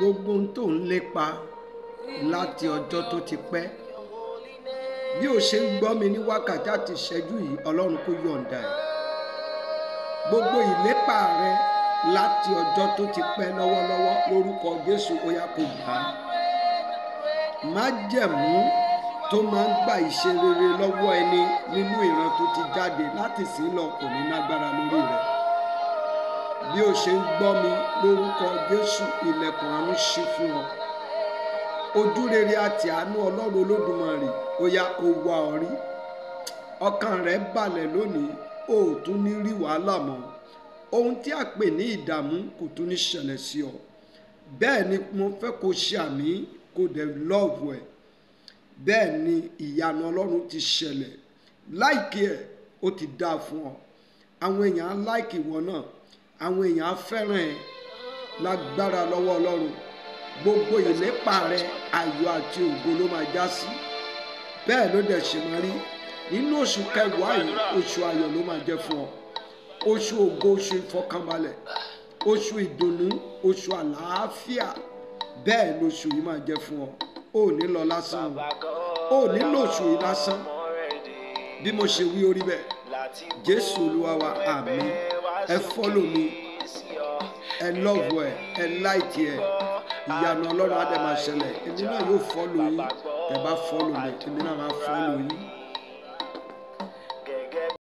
gbogbo ohun tó ń lépa láti ọjọ́ tó ti pẹ́ bí o ṣe ń gbọ́ mi ní wákàtí àti ìṣẹ́jú yìí ọlọ́run kò yọ̀ǹda ẹ̀ gbogbo ìlépa rẹ láti ọjọ́ tó ti pẹ́ lọ́wọ́lọ́wọ́ lórúkọ Jésù ó yá gbà á májẹ̀mú tó máa ń gba ìṣe lọ́wọ́ ẹni nínú ìran tó ti jáde láti sìn lọ kò ní lágbára lórí rẹ̀ bí o ṣe ń gbọ́ mi lórúkọ Jésù ilẹ̀kùn àánú ṣí fún ọ ojú rere àti àánú Ọlọ́run Olódùmarè ó yá kó wá ọ rí ọkàn rẹ balẹ̀ lónìí o ò tún ní rí wàhálà mọ́ ohun tí a pè ní ìdààmú kò tún ní ṣẹlẹ̀ sí ọ bẹ́ẹ̀ ni mo fẹ́ kó ṣe àmì kó dẹ̀ lọ́ọ̀bù ẹ̀ bẹ́ẹ̀ ni ìyanu Ọlọ́run ti ṣẹlẹ̀ láìkí ẹ̀ ó ti dáa fún ọ àwọn èèyàn á láìkí wọn náà àwọn èèyàn á fẹ́ràn ẹ lágbára lọ́wọ́ ọlọ́run gbogbo ìlépa rẹ ayọ̀ àti ògo ló máa já sí bẹ́ẹ̀ ló dẹ̀ ṣe máa rí nínú oṣù kẹwàá yìí oṣù ayọ̀ ló máa jẹ́ fún ọ oṣù ògo oṣù ìfọkànbalẹ̀ oṣù ìdùnnú oṣù àlàáfíà bẹ́ẹ̀ lóṣù yìí máa jẹ́ fún ọ ò ní lọ lásán ò ní lóṣù yìí lásán bí mo ṣe wí orí bẹ́ẹ̀ Jésù Olúwa wa àmín ẹ fọ́lò mi ẹ lọ́wọ́ ẹ ẹ láìkí ẹ ìyanu ọlọ́run á dẹ̀ máa ṣẹlẹ̀ èmi náà yóò fọ́lò yín ẹ bá fọ́lò mi èmi náà máa fọ́lò yín.